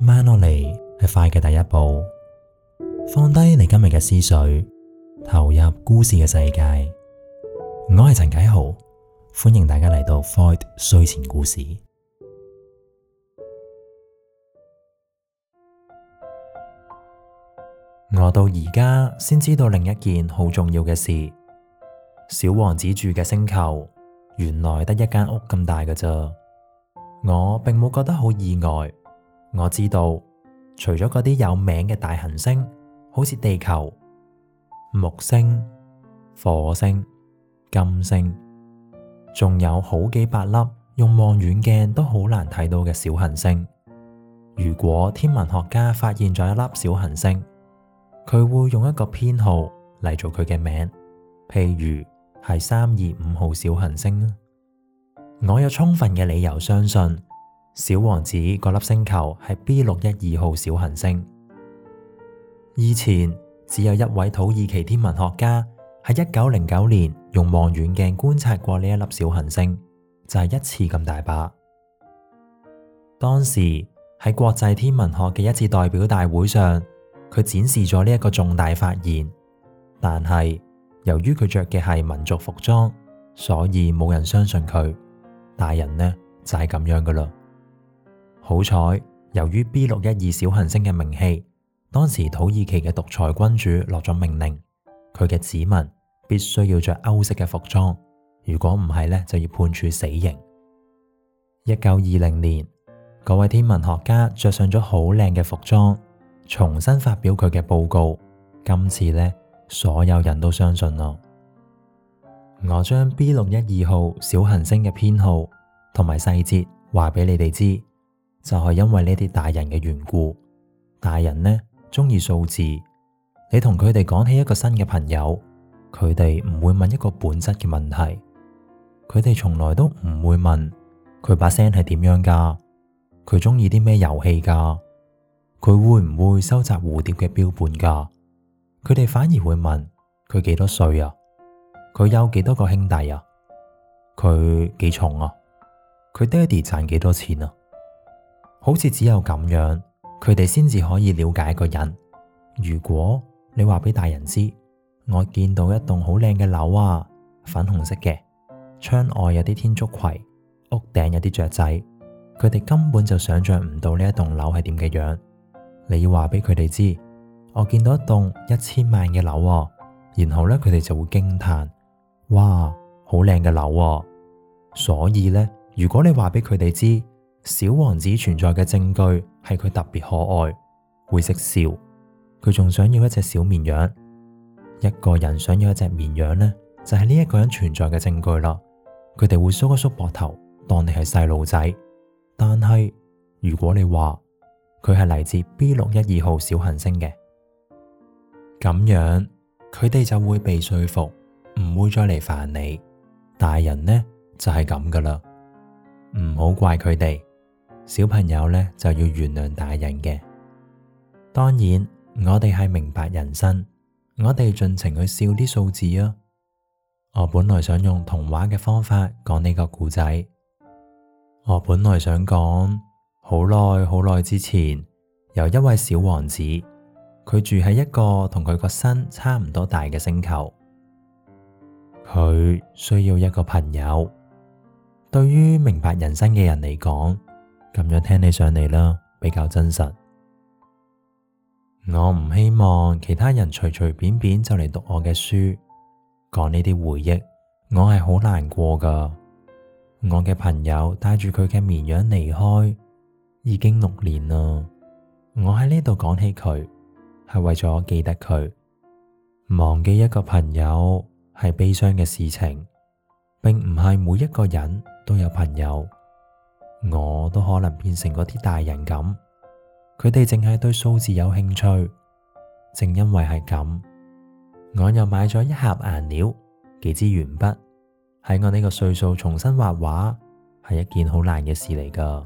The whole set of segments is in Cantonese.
慢落嚟係快嘅第一步，放低你今日嘅思緒，投入故事嘅世界。我係陳棨豪，歡迎大家嚟到 Void 睡前故事。我到而家先知道另一件好重要嘅事：小王子住嘅星球原來得一間屋咁大嘅啫。我並冇覺得好意外。我知道，除咗嗰啲有名嘅大行星，好似地球、木星、火星、金星，仲有好幾百粒用望遠鏡都好難睇到嘅小行星。如果天文學家發現咗一粒小行星，佢會用一個編號嚟做佢嘅名，譬如係三二五號小行星。我有充分嘅理由相信。小王子嗰粒星球係 B 六一二號小行星。以前只有一位土耳其天文學家喺一九零九年用望遠鏡觀察過呢一粒小行星，就係一次咁大把。當時喺國際天文學嘅一次代表大會上，佢展示咗呢一個重大發現。但係由於佢着嘅係民族服裝，所以冇人相信佢。大人呢就係咁樣噶啦。好彩，由於 B 六一二小行星嘅名氣，當時土耳其嘅獨裁君主落咗命令，佢嘅子民必須要着歐式嘅服裝，如果唔係呢，就要判處死刑。一九二零年，嗰位天文學家着上咗好靚嘅服裝，重新發表佢嘅報告，今次呢，所有人都相信咯。我將 B 六一二號小行星嘅編號同埋細節話俾你哋知。就係因為呢啲大人嘅緣故，大人呢，中意數字，你同佢哋講起一個新嘅朋友，佢哋唔會問一個本質嘅問題，佢哋從來都唔會問佢把聲係點樣噶，佢中意啲咩遊戲噶？佢會唔會收集蝴蝶嘅標本噶？佢哋反而會問佢幾多歲啊？佢有幾多個兄弟啊？佢幾重啊？佢爹哋賺幾多錢啊？好似只有咁樣，佢哋先至可以了解一個人。如果你話俾大人知，我見到一棟好靚嘅樓啊，粉紅色嘅，窗外有啲天竺葵，屋頂有啲雀仔，佢哋根本就想象唔到呢一棟樓係點嘅樣。你要話俾佢哋知，我見到一棟一千萬嘅樓，然後呢，佢哋就會驚嘆，哇，好靚嘅樓。所以呢，如果你話俾佢哋知，小王子存在嘅證據係佢特別可愛，會識笑。佢仲想要一隻小綿羊。一個人想要一隻綿羊呢，就係呢一個人存在嘅證據啦。佢哋會縮一縮膊頭，當你係細路仔。但係如果你話佢係嚟自 B 六一二號小行星嘅，咁樣佢哋就會被說服，唔會再嚟煩你。大人呢就係咁㗎啦，唔好怪佢哋。小朋友呢，就要原諒大人嘅。當然我哋係明白人生，我哋盡情去笑啲數字啊、哦。我本來想用童話嘅方法講呢個故仔。我本來想講，好耐好耐之前，有一位小王子，佢住喺一個同佢個身差唔多大嘅星球，佢需要一個朋友。對於明白人生嘅人嚟講。咁樣聽起上嚟啦，比較真實。我唔希望其他人隨隨便便便就嚟讀我嘅書，講呢啲回憶，我係好難過噶。我嘅朋友帶住佢嘅綿羊離開，已經六年啦。我喺呢度講起佢，係為咗我記得佢。忘記一個朋友係悲傷嘅事情，並唔係每一個人都有朋友。我都可能變成嗰啲大人咁，佢哋淨係對數字有興趣，正因為係咁，我又買咗一盒顏料、幾支鉛筆，喺我呢個歲數重新畫畫係一件好難嘅事嚟噶。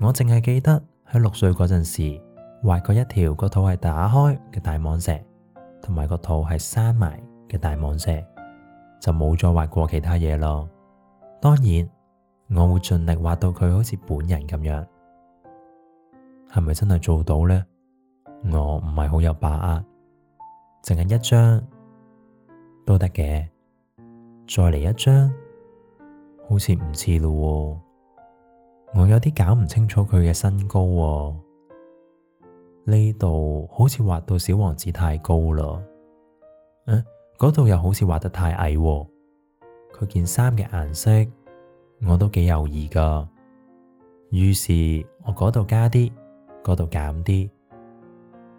我淨係記得喺六歲嗰陣時畫過一條個肚係打開嘅大蟒蛇，同埋個肚係閂埋嘅大蟒蛇，就冇再畫過其他嘢咯。當然。我會盡力畫到佢好似本人咁樣，係咪真係做到呢？我唔係好有把握，淨係一張都得嘅，再嚟一張，好似唔似咯。我有啲搞唔清楚佢嘅身高喎，呢度好似畫到小王子太高咯，嗯、啊，嗰度又好似畫得太矮喎。佢件衫嘅顏色。我都幾猶豫噶，於是我嗰度加啲，嗰度減啲，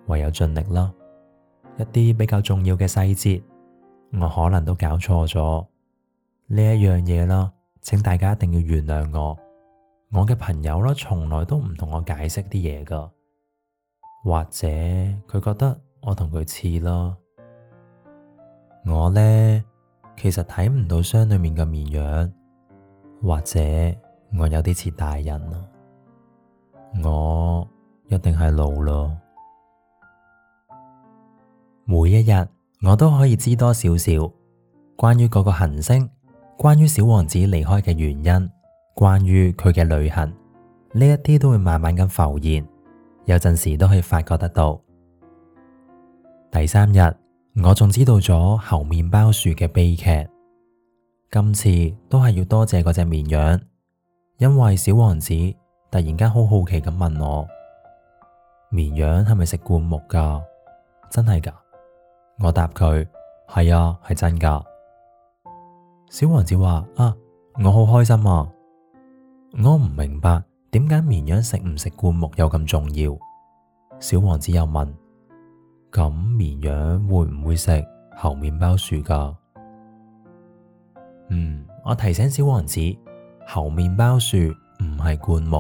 唯有盡力啦。一啲比較重要嘅細節，我可能都搞錯咗。呢一樣嘢啦，請大家一定要原諒我。我嘅朋友啦，從來都唔同我解釋啲嘢噶，或者佢覺得我同佢似咯。我呢，其實睇唔到箱裏面嘅綿羊。或者我有啲似大人咯，我一定係老咯。每一日我都可以知多少少關於嗰個行星，關於小王子離開嘅原因，關於佢嘅旅行，呢一啲都會慢慢咁浮現。有陣時都可以發覺得到。第三日，我仲知道咗猴麵包樹嘅悲劇。今次都係要多謝嗰隻綿羊，因為小王子突然間好好奇咁問我：綿羊係咪食灌木噶？真係噶？我答佢：係啊，係真噶。小王子話：啊，我好開心啊！我唔明白點解綿羊食唔食灌木有咁重要。小王子又問：咁綿羊會唔會食猴麵包樹噶？嗯，我提醒小王子，猴麵包樹唔係灌木，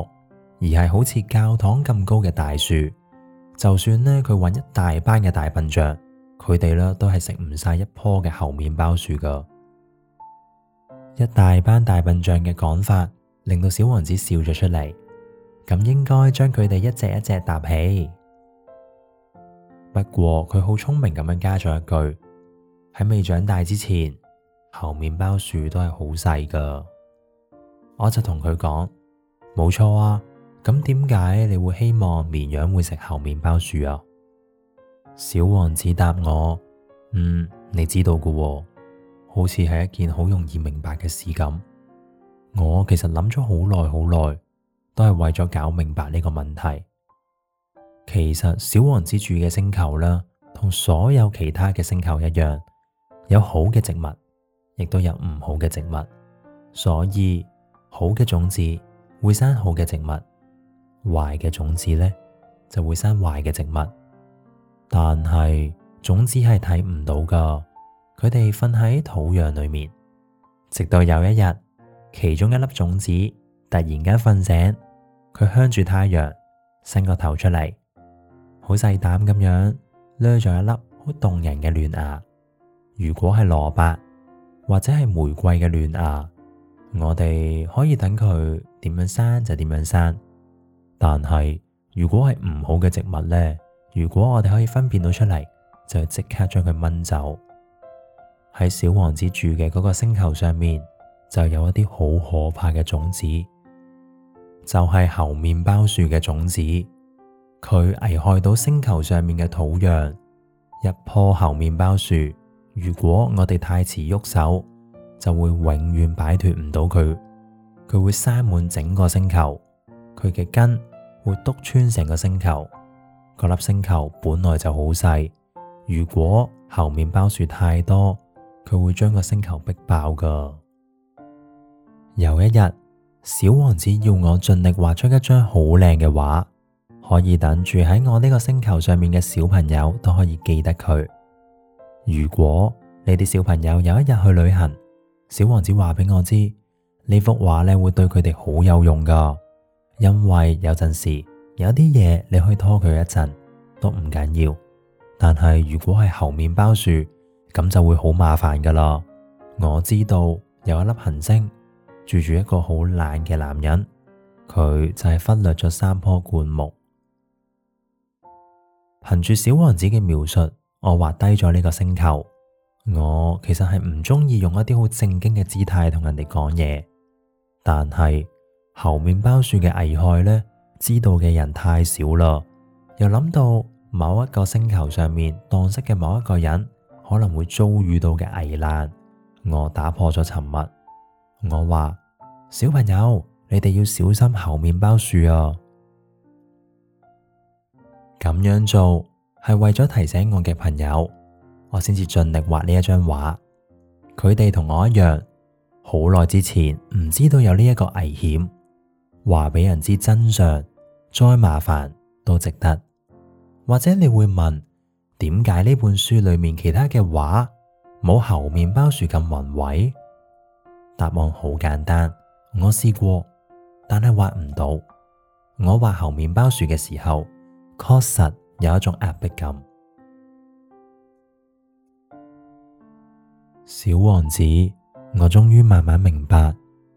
而係好似教堂咁高嘅大樹。就算呢，佢搵一大班嘅大笨象，佢哋呢都係食唔晒一棵嘅猴麵包樹噶。一大班大笨象嘅講法，令到小王子笑咗出嚟。咁應該將佢哋一隻一隻搭起。不過佢好聰明咁樣加咗一句：喺未長大之前。猴麵包樹都係好細噶，我就同佢講冇錯啊。咁點解你會希望綿羊會食猴麵包樹啊？小王子答我：嗯，你知道噶喎，好似係一件好容易明白嘅事咁。我其實諗咗好耐，好耐都係為咗搞明白呢個問題。其實小王子住嘅星球啦，同所有其他嘅星球一樣，有好嘅植物。亦都有唔好嘅植物，所以好嘅種子會生好嘅植物，壞嘅種子呢就會生壞嘅植物。但係種子係睇唔到㗎，佢哋瞓喺土壤裏面，直到有一日，其中一粒種子突然間瞓醒，佢向住太陽，伸個頭出嚟，好細膽咁樣，掠咗一粒好動人嘅嫩芽。如果係蘿蔔。或者係玫瑰嘅嫩芽，我哋可以等佢點樣生就點樣生。但係如果係唔好嘅植物呢？如果我哋可以分辨到出嚟，就即刻將佢掹走。喺小王子住嘅嗰個星球上面，就有一啲好可怕嘅種子，就係猴麵包樹嘅種子，佢危害到星球上面嘅土壤，一棵猴麵包樹。如果我哋太遲喐手，就會永遠擺脫唔到佢。佢會塞滿整個星球，佢嘅根會篤穿成個星球。個粒星球本來就好細，如果猴麵包樹太多，佢會將個星球逼爆㗎。 有一日，小王子要我盡力畫出一張好靚嘅畫，可以等住喺我呢個星球上面嘅小朋友都可以記得佢。如果你啲小朋友有一日去旅行，小王子話俾我知呢幅畫呢會對佢哋好有用噶，因為有陣時有啲嘢你可以拖佢一陣都唔緊要，但係如果係猴麵包樹咁就會好麻煩噶啦。我知道有一粒行星住住一個好懶嘅男人，佢就係忽略咗三棵灌木。憑住小王子嘅描述。我畫低咗呢個星球，我其實係唔中意用一啲好正經嘅姿態同人哋講嘢，但係猴麵包樹嘅危害呢，知道嘅人太少啦，又諗到某一個星球上面蕩失嘅某一個人可能會遭遇到嘅危難，我打破咗沉默，我話，小朋友，你哋要小心猴麵包樹啊！咁樣做。係為咗提醒我嘅朋友，我先至盡力畫呢一張畫。佢哋同我一樣，好耐之前唔知道有呢一個危險。話俾人知真相，再麻煩都值得。或者你會問，點解呢本書裏面其他嘅畫冇猴麵包樹咁宏偉？答案好簡單，我試過，但係畫唔到。我畫猴麵包樹嘅時候，確實。有一種壓迫感。小王子，我終於慢慢明白，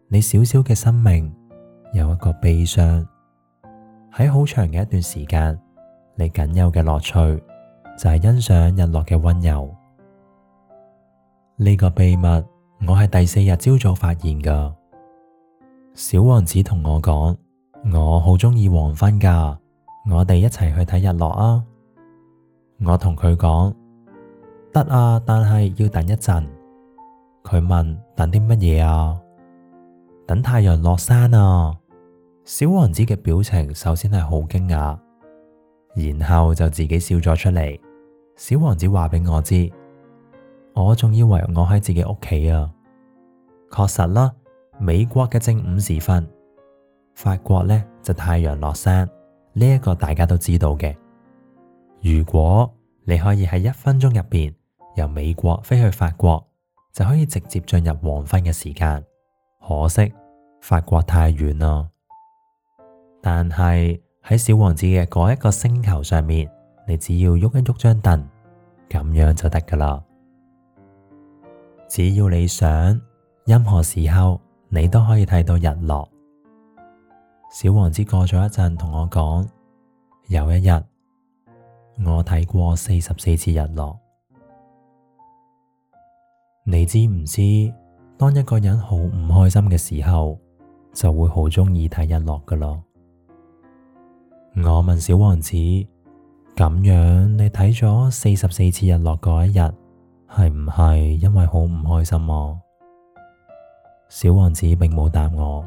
你小小嘅生命有一個悲傷，喺好長嘅一段時間，你僅有嘅樂趣就係欣賞日落嘅溫柔。呢、這個秘密，我係第四日朝早發現㗎。小王子同我講，我好鍾意黃昏㗎。我哋一齊去睇日落啊！我同佢講，得啊，但係要等一陣。佢問等啲乜嘢啊？等太陽落山啊！小王子嘅表情首先係好驚訝，然後就自己笑咗出嚟。小王子話畀我知，我仲以為我喺自己屋企啊。確實啦，美國嘅正午時分，法國呢就太陽落山。呢一個大家都知道嘅，如果你可以喺一分鐘入邊由美國飛去法國，就可以直接進入黃昏嘅時間。可惜法國太遠啦。但係喺小王子嘅嗰一個星球上面，你只要喐一喐張凳，咁樣就得噶啦。只要你想，任何時候你都可以睇到日落。小王子過咗一陣，同我講：有一日，我睇過四十四次日落。你知唔知？當一個人好唔開心嘅時候，就會好鍾意睇日落噶咯。我問小王子：咁樣你睇咗四十四次日落嗰一日，係唔係因為好唔開心啊？小王子並冇答我。